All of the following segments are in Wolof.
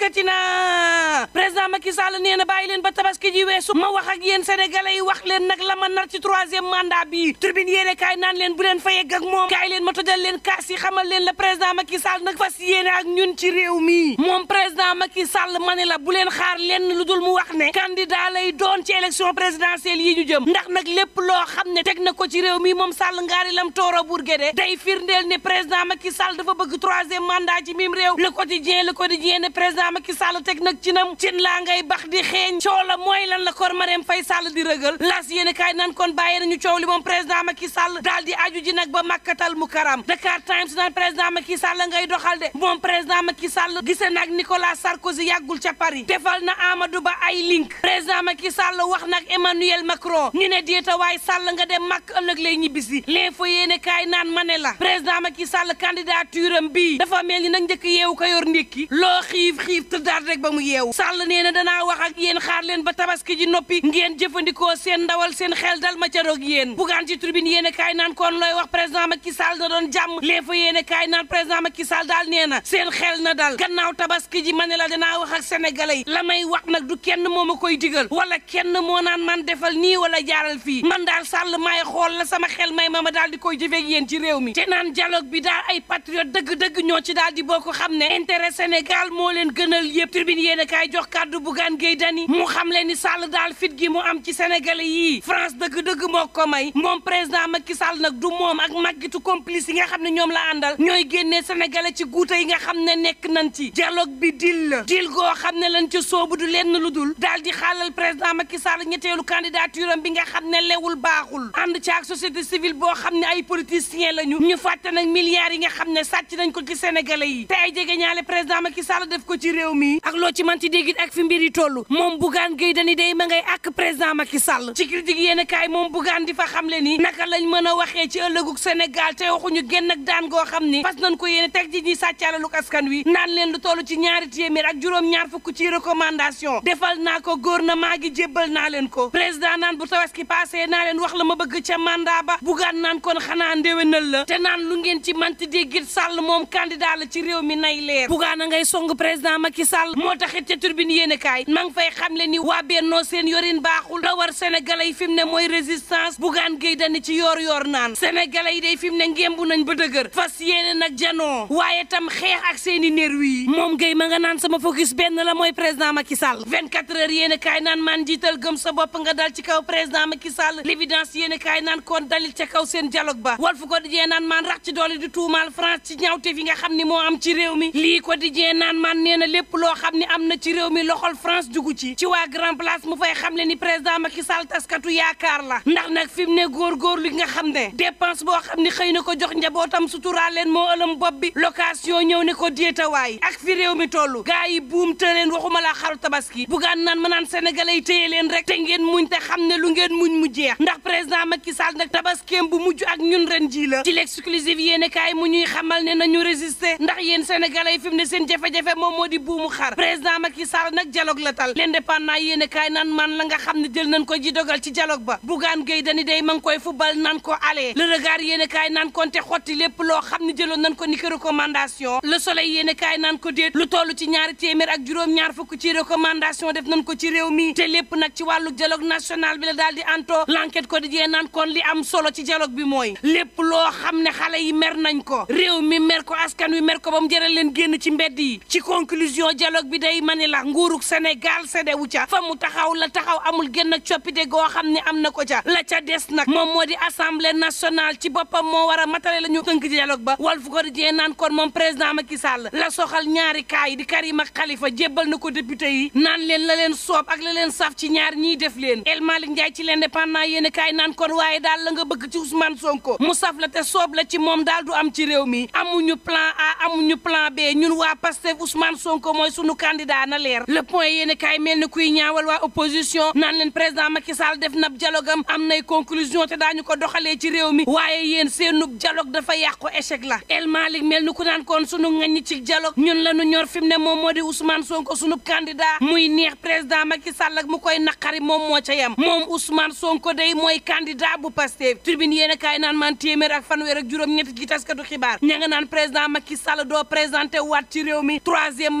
dikkati na président Macky Sall nee na ba tabaski ji weesu ma wax ak yéen sénégalais yi wax leen nag la ma nar ci troisième mandat bi tribune yéene kaay naan fa yegg ak moom kaay ma tojal leen kaas xamal leen la président Macky Sall nag fas yéene ak ñun ci réew mi moom président Macky Sall ma ne la bu leen xaar lenn lu dul mu wax ne candidat lay doon ci élection présidentielle yi ñu jëm ndax nag lépp loo xam ne teg ci réew mi moom Sall ngaari ma Macky Sall teg nag ci nam cin laa ngay bax di xeeñ coow la mooy lan la kor Marème Faye Sall di rëgal las yéen kaay nan kon bàyyi nañu coow li moom président Macky Sall daal di aju ji nag ba makkatal mu karam Dakar Times naan président Macky Sall ngay doxal de moom président Macky Sall gisee nag Nicolas Sarkozy yàggul ca Paris defal na Amadou Ba ay link président Macky Sall wax nag Emmanuel Macron ñu ne déeta waaye Sall nga dem màkk ëllëg lay ñibbisi l'info yéen kaay naan ma ne la président Macky Sall candidature am bii dafa mel ni nag njëkk yeewu ko yor ndékki loo xiif tëddaat rek ba mu yeewu sàll nee na danaa wax ak yéen xaar leen ba tabaski ji noppi ngeen jëfandikoo seen ndawal seen xel dal ma ca roog yéen bugaan ci tribune yéen a kaay naan kon looy wax président Macky Sall da doon jàmm lée fa yéen a kaay naan président Macky Sall daal nee na seen xel na dal gannaaw tabaski ji ma ne la danaa wax ak sénégalais la may wax nag du kenn moo ma koy digal wala kenn moo naan man defal nii wala jaaral fii man daal sàll maay xool sama xel may ma ma daal di koy jëfeeg yéen ci réew mi te naan dialogue bi daal ay patriote dëgg-dëgg ñoo ci daal di ne intérêt Sénégal gënal yëpp tribune yéen a kaay jox kàddu Bougane Gueye Dany mu xam leen ni Sall daal fit gi mu am ci sénégalais yii France dëgg-dëgg moo ko may moom président Macky nag du moom ak màggitu complice yi nga xam ne ñoom la àndal ñooy génnee sénégalais ci guute yi nga xam ne nekk nañ ci dialogue bi dil la dil goo xam ne lañ ca soobu du lenn lu dul daal di xaalal président Macky Sall ñetteelu candidature bi nga xam ne lewul baaxul ànd ci ak société civile boo xam ne ay politiciens lañu ñu fàtte nag milliards yi nga xam ne sàcc nañ ko ci sénégalais yi te ci réew mi ak loo ci man ci déggit ak fi mbir yi toll moom Bougane Gueye Dany day ma ngay ak président Macky sàll ci critique yéen kaay moom Bougane di fa xamle ni naka lañ mën a waxee ci ëllëgug Sénégal te waxuñu génn ak daan goo xam ni fas nañ ko yéene teg ji ñi sàccaalaluk askan wi naan leen lu toll ci ñaari téeméer ak juróom-ñaar fukk ci recommandation defal naa ko gouvernement gi jébbal naa leen ko président naan bu tabaski passé naa leen wax la ma bëgg ca mandat ba Bougane naan kon xanaa ndéwénal la te naan lu ngeen ci manti déggit Sall moom candidat la ci réew mi nay leer ngay song président Macky Sall moo taxit ca turbine yéen a kaay ma ngi fay xamle ni waa Bennoo seen yorin baaxul la war sénégalais yi fi mu ne mooy résistance Bougane Gueye Dany ci yoor yoor naan sénégalais yi day fi mu ne ngembu nañ ba dëgër fas yéene nag janoo waaye tam xeex ak seen i nervi yi moom Gueye ma nga naan sama focus benn la mooy président Macky Sall 24 heures yéen a kaay naan man jiital gëm sa bopp nga dal ci kaw président ma Sall l'évidence yéen a kaay naan kon dalil ca kaw seen dialogue ba Walf Quotidien naan man rax ci doole di tuumaal France ci ñaawte fi nga xam ni moo am ci réew mi lii Quotidien naan man nee lépp loo xam ni am na ci réew mi loxol France dugg ci ci waa grand place mu fay xam le ni président Macky Sall taskatu yaakaar la ndax nag fi mu ne góor gi nga xam ne dépense boo xam ni xëy na ko jox njabootam suturaal leen moo ëlëm bopp bi location ñëw ne ko déetawaay ak fi réew mi toll gars yi buum te leen waxuma laa xaru tabaski bugaan naan ma naan sénégalais yi téye leen rek te ngeen muñ te xam ne lu ngeen muñ mu jeex ndax président Macky Sall nag tabaskeem bu mujj ak ñun ren jii la ci l'exclusive yéen kaay mu ñuy xamal ne nañu résister ndax yéen sénégalais yi fi mu ne seen jafe moom moo di buumu xar président Macky Sall nag dialogue la tal l'indépendant yéen a kaay naan man la nga xam ne jël nañ ko ji dogal ci dialogue ba Bougane Gueye Dany day ma koy fubal nan ko alee le regard yéen a kaay naan xotti lépp loo xam ne jëloon nañ ko ni ki la le soleil yéen a kaay naan ko déet lu toll ci ñaari téeméer ak juróom-ñaar fukk ci recommandation def nan ko ci réew mi te lépp nag ci wàllu dialogue national bi la daal di anto l'enquête quotidien naan kon li am solo ci dialogue bi mooy lépp loo xam ne xale yi mer nañ ko réew mi mer ko askan wi mer ko ba mu leen génn ci mbedd yi conclusion dialogue bi day mani la nguurug Sénégal sedewu ca fa mu taxaw la taxaw amul génn ak goo xam ne am na ko ca la ca des nag moom moo di assemblée nationale ci boppam moo war a matale la ñu tënk dialogue ba Walf Quotidien naan kon moom président Macky Sall la soxal ñaari kaa yi di Karim ak Khalifa jébbal na ko député yi naan leen la leen soob ak la leen saf ci ñaar ñiy def leen El Malick Ndiaye ci l'indépendant yéen a kaay naan kon waaye daal la nga bëgg ci Ousmane Sonko mu saf la la ci moom daal am ci réew mi amuñu plan A amuñu Sonko mooy sunu candidat na leer le point yéen kaay mel ni kuy ñaawal waa opposition naan leen président Macky Sall def nab dialogue am am nay conclusion te daañu ko doxalee ci réew mi waaye yéen seenub dialogue dafa yàqu échec la El Malick mel ni ku naan kon sunu ŋaññi ci dialogue ñun la ñu ñor fi mu ne moom moo di Ousmane Sonko sunub candidat muy neex président Macky Sall ak mu koy naqari moom moo ca yem moom Ousmane Sonko day mooy candidat bu Pastef tribune yéen kaay naan man téeméer ak fanweer ak juróom-ñett gi taskatu xibaar ña nga naan président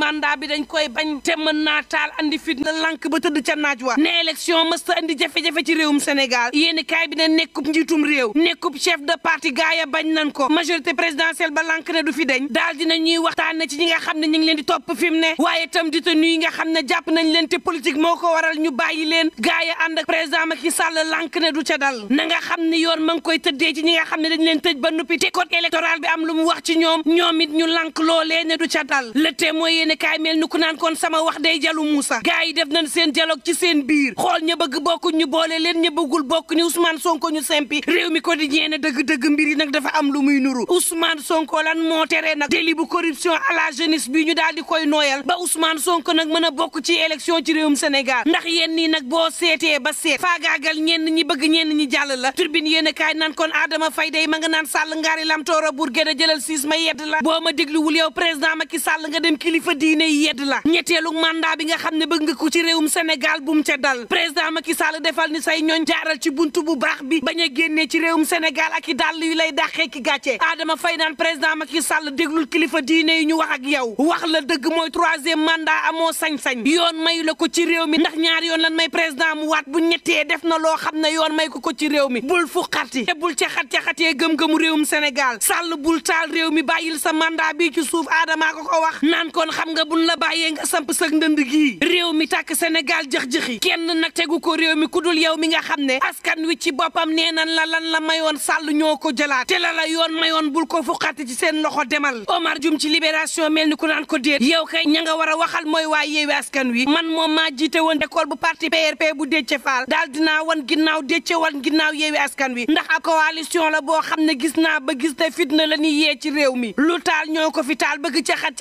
mandat bi dañ koy bañ te mën naa taal andi fitna lank ba tëdd ca naaj wa ne élection mësta indi jafe-jafe ci réewum Sénégal yéeni kaay bi ne nekkub njiitum réew nekkub chef de parti gaaya bañ nan ko majorité présidentielle ba lànk ne du fi dañ daal dina ñuy waxtaane ci ñi nga xam ne ñu ngi leen di topp fi mu ne waaye itam di tenu yi nga xam ne jàpp nañ leen te politique moo ko waral ñu bàyyi leen gaaya ànd ak président Macky Sall lank ne du ca dal na nga xam ne yoon ma ngi koy tëddee ci ñi nga xam ne dañ leen tëj ba noppi te code électoral bi am lu mu wax ci ñoom ñoom it ñu lànk loolee ne du ca dal le témoin yéen kaay mel ni naan kon sama wax day jalu Moussa gars yi def nañ seen dialogue ci seen biir xool ña bëgg bokk ñu boole leen ña bëggul bokk ñu Ousmane Sonko ñu sempi réew mi quotidien ne dëgg-dëgg mbir yi nag dafa am lu muy nuru Ousmane Sonko lan moo tere nag délit bu corruption à la jeunesse bi ñu daal di koy nooyal ba Ousmane Sonko nag mën a bokk ci élection ci réewum Sénégal ndax yéen nii nag boo seete ba seet faagaagal ñenn ñi bëgg ñenn ñi jàll la turbine yéen a kaay naan kon Adama Faye day ma nga naan sàll ngaari lamtoora bur gën a jëlal siis ma yedd la boo ma dégluwul yow président Macky Sall nga dem kilifa diine yedd la ñetteelu mandat bi nga xam ne bëgg nga ko ci réewum Sénégal bu mu ca dal président Macky defal ni say ñooñ jaaral ci buntu bu baax bi bañ a génnee ci réewum Sénégal ak i dàll yu lay dàqee ki gàcce Adama Faye naan président Macky Sall déglul kilifa diine yi ñu wax ak yow wax la dëgg mooy troisième amoo sañ-sañ yoon mayu la ko ci réew mi ndax ñaar yoon lan may président mu bu ñettee def na loo xam ne yoon may ko ko ci réew mi bul fu xarti te bul ca xat ca xatee gëm-gëmu réewum Sénégal Sall bul taal réew mi bàyyil sa mandat bi ci suuf Adama ko ko wax naan kon xam xam nga buñ la bàyyee nga samp sag ndënd gii réew mi tàkk Sénégal jëx-jëxi kenn nag tegu ko réew mi ku dul yow mi nga xam ne askan wi ci boppam nee nan la lan la mayoon sàll ñoo ko jëlaat te la la yoon mayoon bul ko fuqati ci seen loxo demal Omar Jum ci libération mel ni ku naan ko déet yow kay ña nga war a waxal mooy waa yeewi askan wi man moom maa jiite woon école bu parti PRP bu Déthié Fall daal dinaa wan ginnaaw Déthié wan ginnaaw yeewi askan wi ndax a coalition la boo xam ne gis naa ba gis na fitna la ñuy yee ci réew mi lu taal ñoo ko fi taal bëgg caxat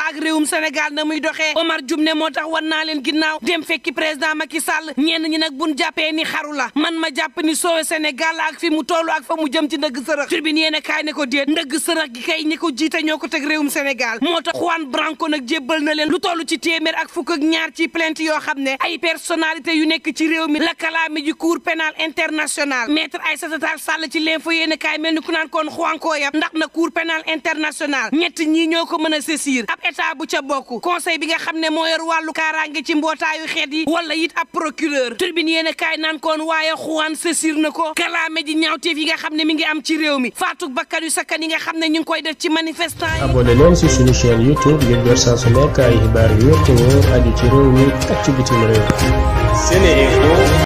fois ak réewum Sénégal na muy doxee Omar Dioum ne moo tax wan naa leen ginnaaw dem fekki président Macky Sall ñenn ñi nag buñ jàppee ni xarula man ma jàpp ni soowe Sénégal ak fi mu toll ak fa mu jëm ci ndëgg sërëx tribune yéen a kaay ne ko déet ndëgg sërëx gi kay ñi ko jiita ñoo ko teg réewum Sénégal moo tax Juan Branco nag jébbal na leen lu toll ci téeméer ak fukk ñaar ci plainte yoo xam ne ay personalité yu nekk ci réew mi la kalaami ji cour pénal international maître Aïssata Tall Sall ci l'info yéen mel ni ku naan koon xuwankooyam ndax na cour pénal international ñett ñii ñoo ko mën a saisir état bu ca bokk conseil bi nga xam ne moo yor wàllu kaaraange ci mbootaayu xeet yi wala it ab procureur tribune yéen kaay naan koon waaye xuwaan saisir na ko kalaame ji ñaawteef yi nga xam ne mi ngi am ci réew mi faatuk bakkan yu sakkan yi nga xam ne ñu ngi koy def ci manifestant yi. abonné leen si suñu chaîne youtube ngir jot saa ci réew mi ak ci bitim réew.